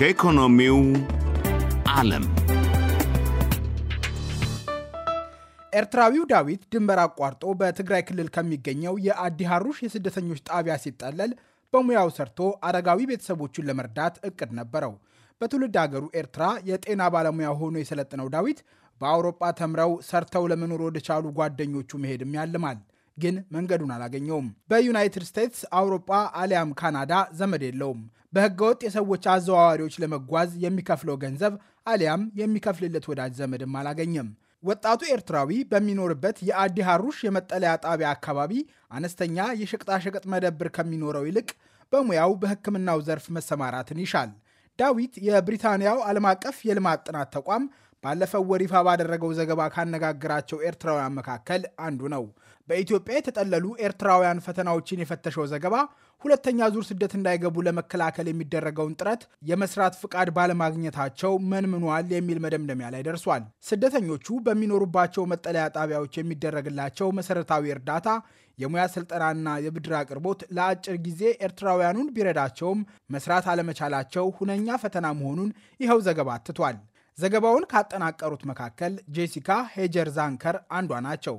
ከኢኮኖሚው ዓለም ኤርትራዊው ዳዊት ድንበር አቋርጦ በትግራይ ክልል ከሚገኘው የአዲ ሐሩሽ የስደተኞች ጣቢያ ሲጠለል በሙያው ሰርቶ አረጋዊ ቤተሰቦቹን ለመርዳት እቅድ ነበረው። በትውልድ ሀገሩ ኤርትራ የጤና ባለሙያ ሆኖ የሰለጥነው ዳዊት በአውሮጳ ተምረው ሰርተው ለመኖር ወደቻሉ ጓደኞቹ መሄድም ያልማል። ግን መንገዱን አላገኘውም። በዩናይትድ ስቴትስ፣ አውሮፓ አሊያም ካናዳ ዘመድ የለውም። በህገወጥ የሰዎች አዘዋዋሪዎች ለመጓዝ የሚከፍለው ገንዘብ አሊያም የሚከፍልለት ወዳጅ ዘመድም አላገኘም። ወጣቱ ኤርትራዊ በሚኖርበት የአዲ ሐሩሽ የመጠለያ ጣቢያ አካባቢ አነስተኛ የሸቅጣሸቅጥ መደብር ከሚኖረው ይልቅ በሙያው በሕክምናው ዘርፍ መሰማራትን ይሻል። ዳዊት የብሪታንያው ዓለም አቀፍ የልማት ጥናት ተቋም ባለፈው ወር ይፋ ባደረገው ዘገባ ካነጋገራቸው ኤርትራውያን መካከል አንዱ ነው። በኢትዮጵያ የተጠለሉ ኤርትራውያን ፈተናዎችን የፈተሸው ዘገባ ሁለተኛ ዙር ስደት እንዳይገቡ ለመከላከል የሚደረገውን ጥረት የመስራት ፍቃድ ባለማግኘታቸው መንምኗል የሚል መደምደሚያ ላይ ደርሷል። ስደተኞቹ በሚኖሩባቸው መጠለያ ጣቢያዎች የሚደረግላቸው መሰረታዊ እርዳታ የሙያ ስልጠናና የብድር አቅርቦት ለአጭር ጊዜ ኤርትራውያኑን ቢረዳቸውም መስራት አለመቻላቸው ሁነኛ ፈተና መሆኑን ይኸው ዘገባ አትቷል። ዘገባውን ካጠናቀሩት መካከል ጄሲካ ሄጀር ዛንከር አንዷ ናቸው።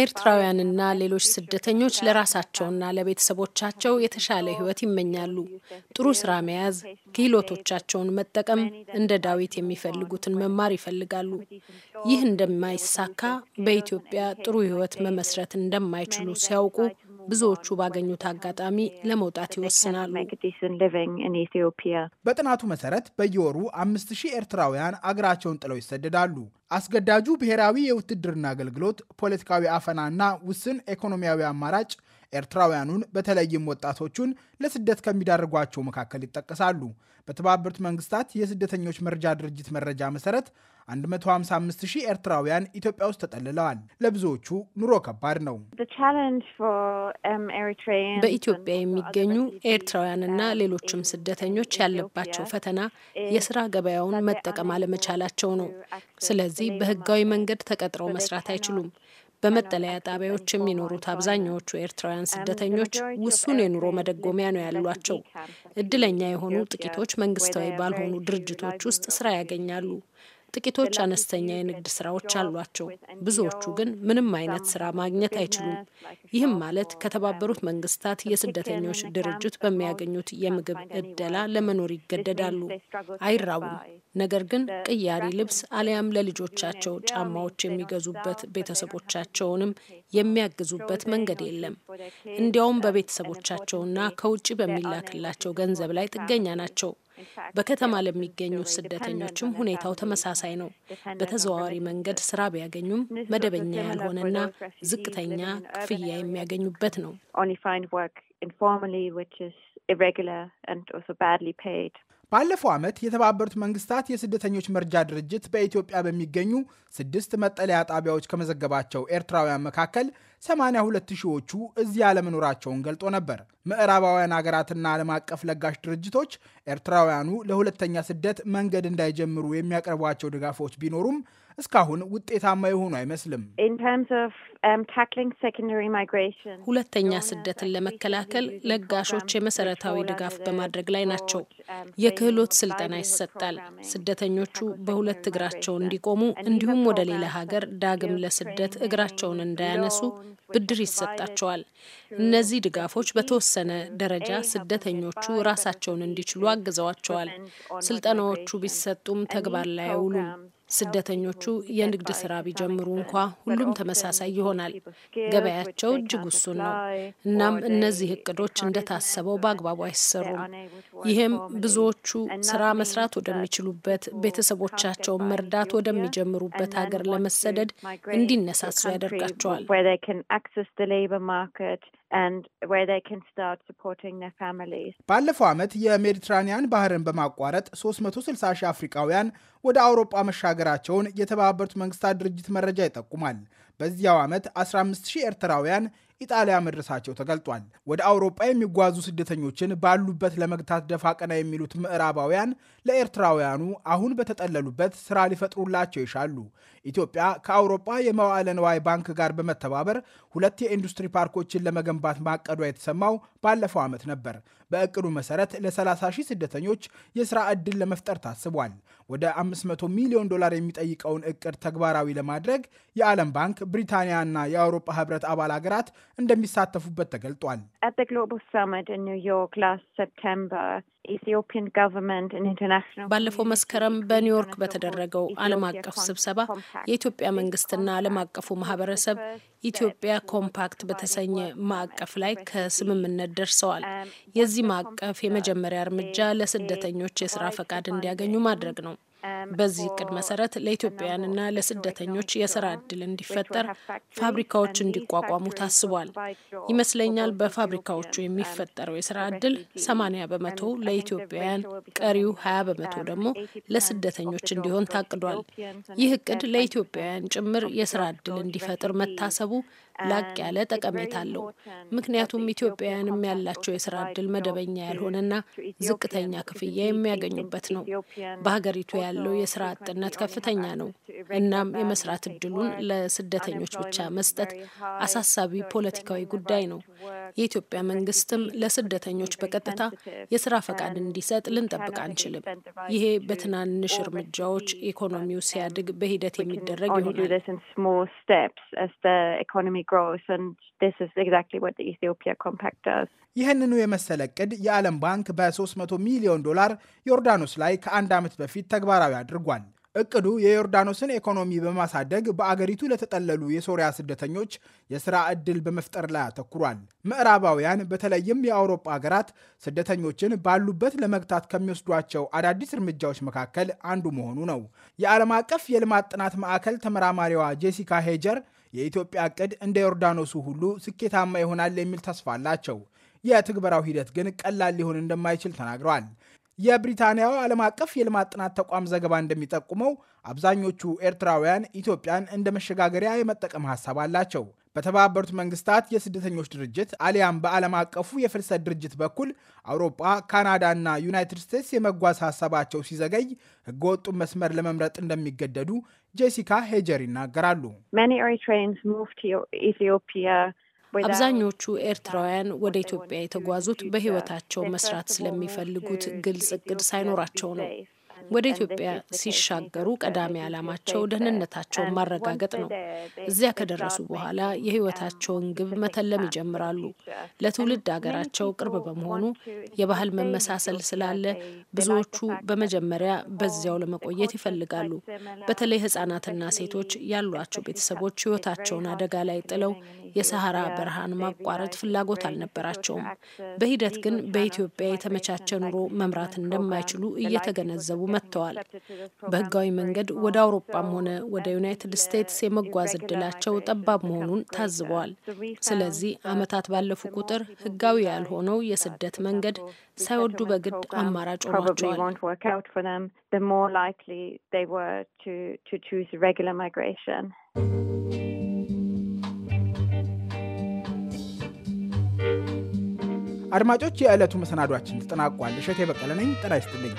ኤርትራውያንና ሌሎች ስደተኞች ለራሳቸውና ለቤተሰቦቻቸው የተሻለ ሕይወት ይመኛሉ። ጥሩ ስራ መያዝ፣ ክህሎቶቻቸውን መጠቀም፣ እንደ ዳዊት የሚፈልጉትን መማር ይፈልጋሉ። ይህ እንደማይሳካ በኢትዮጵያ ጥሩ ሕይወት መመስረት እንደማይችሉ ሲያውቁ ብዙዎቹ ባገኙት አጋጣሚ ለመውጣት ይወስናሉ። በጥናቱ መሰረት በየወሩ አምስት ሺህ ኤርትራውያን አገራቸውን ጥለው ይሰደዳሉ። አስገዳጁ ብሔራዊ የውትድርና አገልግሎት፣ ፖለቲካዊ አፈናና ውስን ኢኮኖሚያዊ አማራጭ ኤርትራውያኑን በተለይም ወጣቶቹን ለስደት ከሚዳርጓቸው መካከል ይጠቀሳሉ። በተባበሩት መንግስታት የስደተኞች መርጃ ድርጅት መረጃ መሰረት 155 ሺህ ኤርትራውያን ኢትዮጵያ ውስጥ ተጠልለዋል። ለብዙዎቹ ኑሮ ከባድ ነው። um, በኢትዮጵያ የሚገኙ ኤርትራውያንና um, ሌሎችም ስደተኞች ያለባቸው ፈተና የስራ ገበያውን መጠቀም አለመቻላቸው ነው። ስለዚህ በህጋዊ መንገድ ተቀጥረው መስራት አይችሉም። በመጠለያ ጣቢያዎች የሚኖሩት አብዛኛዎቹ ኤርትራውያን ስደተኞች ውሱን የኑሮ መደጎሚያ ነው ያሏቸው። እድለኛ የሆኑ ጥቂቶች መንግስታዊ ባልሆኑ ድርጅቶች ውስጥ ስራ ያገኛሉ። ጥቂቶች አነስተኛ የንግድ ስራዎች አሏቸው። ብዙዎቹ ግን ምንም አይነት ስራ ማግኘት አይችሉም። ይህም ማለት ከተባበሩት um, መንግስታት የስደተኞች ድርጅት በሚያገኙት የምግብ እደላ ለመኖር ይገደዳሉ። አይራቡም። ነገር ግን ቅያሪ ልብስ አሊያም ለልጆቻቸው ጫማዎች የሚገዙበት ቤተሰቦቻቸውንም የሚያግዙበት መንገድ የለም። እንዲያውም በቤተሰቦቻቸውና ከውጭ በሚላክላቸው ገንዘብ ላይ ጥገኛ ናቸው። በከተማ ለሚገኙ ስደተኞችም ሁኔታው ተመሳሳይ ነው። በተዘዋዋሪ መንገድ ስራ ቢያገኙም መደበኛ ያልሆነና ዝቅተኛ ክፍያ የሚያገኙበት ነው። ባለፈው ዓመት የተባበሩት መንግስታት የስደተኞች መርጃ ድርጅት በኢትዮጵያ በሚገኙ ስድስት መጠለያ ጣቢያዎች ከመዘገባቸው ኤርትራውያን መካከል 82 ሁለት ሺዎቹ እዚህ ያለመኖራቸውን ገልጦ ነበር። ምዕራባውያን ሀገራትና ዓለም አቀፍ ለጋሽ ድርጅቶች ኤርትራውያኑ ለሁለተኛ ስደት መንገድ እንዳይጀምሩ የሚያቀርቧቸው ድጋፎች ቢኖሩም እስካሁን ውጤታማ የሆኑ አይመስልም። um, ሁለተኛ ስደትን ለመከላከል ለጋሾች የመሰረታዊ ድጋፍ በማድረግ ላይ ናቸው። um, የክህሎት ስልጠና ይሰጣል። ስደተኞቹ በሁለት እግራቸው እንዲቆሙ እንዲሁም ወደ ሌላ ሀገር ዳግም ለስደት እግራቸውን እንዳያነሱ ብድር ይሰጣቸዋል። እነዚህ ድጋፎች በተወሰነ ደረጃ ስደተኞቹ ራሳቸውን እንዲችሉ አግዘዋቸዋል። ስልጠናዎቹ ቢሰጡም ተግባር ላይ አይውሉም። ስደተኞቹ የንግድ ስራ ቢጀምሩ እንኳ ሁሉም ተመሳሳይ ይሆናል። ገበያቸው እጅግ ውሱን ነው። እናም እነዚህ እቅዶች እንደታሰበው በአግባቡ አይሰሩም። ይህም ብዙዎቹ ስራ መስራት ወደሚችሉበት፣ ቤተሰቦቻቸውን መርዳት ወደሚጀምሩበት ሀገር ለመሰደድ እንዲነሳሱ ያደርጋቸዋል። ባለፈው ዓመት የሜዲትራኒያን ባህርን በማቋረጥ 360 ሺህ አፍሪካውያን ወደ አውሮጳ መሻገራቸውን የተባበሩት መንግስታት ድርጅት መረጃ ይጠቁማል። በዚያው ዓመት 15 ሺህ ኤርትራውያን ኢጣሊያ መድረሳቸው ተገልጧል። ወደ አውሮጳ የሚጓዙ ስደተኞችን ባሉበት ለመግታት ደፋ ቀና የሚሉት ምዕራባውያን ለኤርትራውያኑ አሁን በተጠለሉበት ስራ ሊፈጥሩላቸው ይሻሉ። ኢትዮጵያ ከአውሮጳ የመዋዕለ ንዋይ ባንክ ጋር በመተባበር ሁለት የኢንዱስትሪ ፓርኮችን ለመገንባት ማቀዷ የተሰማው ባለፈው ዓመት ነበር። በእቅዱ መሰረት ለ30 ሺህ ስደተኞች የሥራ ዕድል ለመፍጠር ታስቧል። ወደ 500 ሚሊዮን ዶላር የሚጠይቀውን እቅድ ተግባራዊ ለማድረግ የዓለም ባንክ ብሪታንያ እና የአውሮፓ ህብረት አባል ሀገራት እንደሚሳተፉበት ተገልጧል። ባለፈው መስከረም በኒውዮርክ በተደረገው ዓለም አቀፍ ስብሰባ የኢትዮጵያ መንግስትና ዓለም አቀፉ ማህበረሰብ ኢትዮጵያ ኮምፓክት በተሰኘ ማዕቀፍ ላይ ከስምምነት ደርሰዋል። um, የዚህ ማዕቀፍ የመጀመሪያ እርምጃ ለስደተኞች የስራ ፈቃድ እንዲያገኙ ማድረግ ነው። Um, በዚህ እቅድ መሰረት ለኢትዮጵያውያንና ለስደተኞች um, የስራ እድል እንዲፈጠር ፋብሪካዎች እንዲቋቋሙ ታስቧል። ይመስለኛል በፋብሪካዎቹ um, የሚፈጠረው የስራ እድል 80 በመቶ ለኢትዮጵያውያን፣ ቀሪው 20 በመቶ ደግሞ ለስደተኞች እንዲሆን ታቅዷል። ይህ እቅድ ለኢትዮጵያውያን ጭምር የስራ እድል እንዲፈጥር መታሰቡ ላቅ ያለ ጠቀሜታ አለው። ምክንያቱም ኢትዮጵያውያንም ያላቸው የስራ እድል መደበኛ ያልሆነና ዝቅተኛ ክፍያ የሚያገኙበት ነው። በሀገሪቱ ያለው የስራ አጥነት ከፍተኛ ነው። እናም የመስራት እድሉን ለስደተኞች ብቻ መስጠት አሳሳቢ ፖለቲካዊ ጉዳይ ነው። የኢትዮጵያ መንግስትም ለስደተኞች በቀጥታ የስራ ፈቃድ እንዲሰጥ ልንጠብቅ አንችልም። ይሄ በትናንሽ እርምጃዎች ኢኮኖሚው ሲያድግ በሂደት የሚደረግ ይሆናል። ይህንኑ የመሰለ እቅድ የዓለም ባንክ በ300 ሚሊዮን ዶላር ዮርዳኖስ ላይ ከአንድ ዓመት በፊት ተግባራዊ አድርጓል። እቅዱ የዮርዳኖስን ኢኮኖሚ በማሳደግ በአገሪቱ ለተጠለሉ የሶሪያ ስደተኞች የሥራ ዕድል በመፍጠር ላይ አተኩሯል። ምዕራባውያን በተለይም የአውሮፓ ሀገራት ስደተኞችን ባሉበት ለመግታት ከሚወስዷቸው አዳዲስ እርምጃዎች መካከል አንዱ መሆኑ ነው። የዓለም አቀፍ የልማት ጥናት ማዕከል ተመራማሪዋ ጄሲካ ሄጀር የኢትዮጵያ እቅድ እንደ ዮርዳኖሱ ሁሉ ስኬታማ ይሆናል የሚል ተስፋ አላቸው። የትግበራው ሂደት ግን ቀላል ሊሆን እንደማይችል ተናግረዋል። የብሪታንያው ዓለም አቀፍ የልማት ጥናት ተቋም ዘገባ እንደሚጠቁመው አብዛኞቹ ኤርትራውያን ኢትዮጵያን እንደ መሸጋገሪያ የመጠቀም ሀሳብ አላቸው። በተባበሩት መንግስታት የስደተኞች ድርጅት አሊያም በዓለም አቀፉ የፍልሰት ድርጅት በኩል አውሮፓ፣ ካናዳና ዩናይትድ ስቴትስ የመጓዝ ሀሳባቸው ሲዘገይ ህገወጡን መስመር ለመምረጥ እንደሚገደዱ ጄሲካ ሄጀር ይናገራሉ። አብዛኞቹ ኤርትራውያን ወደ ኢትዮጵያ የተጓዙት በሕይወታቸው መስራት ስለሚፈልጉት ግልጽ እቅድ ሳይኖራቸው ነው። ወደ ኢትዮጵያ ሲሻገሩ ቀዳሚ ዓላማቸው uh, ደህንነታቸውን ማረጋገጥ ነው። እዚያ ከደረሱ በኋላ የህይወታቸውን ግብ መተለም ይጀምራሉ። ለትውልድ ሀገራቸው ቅርብ በመሆኑ የባህል መመሳሰል uh, ስላለ ብዙዎቹ በመጀመሪያ በዚያው ለመቆየት ይፈልጋሉ። uh, በተለይ ህጻናትና ሴቶች ያሏቸው ቤተሰቦች ህይወታቸውን አደጋ ላይ ጥለው የሰሐራ በረሃን ማቋረጥ ፍላጎት አልነበራቸውም። በሂደት ግን በኢትዮጵያ የተመቻቸ ኑሮ መምራት እንደማይችሉ እየተገነዘቡ መ መጥተዋል። በህጋዊ መንገድ ወደ አውሮፓም ሆነ ወደ ዩናይትድ ስቴትስ የመጓዝ እድላቸው ጠባብ መሆኑን ታዝበዋል። ስለዚህ ዓመታት ባለፉ ቁጥር ህጋዊ ያልሆነው የስደት መንገድ ሳይወዱ በግድ አማራጭ ሆኗቸዋል። አድማጮች፣ የዕለቱ መሰናዷችን ተጠናቋል። እሸቴ በቀለ ነኝ። ጤና ይስጥልኝ።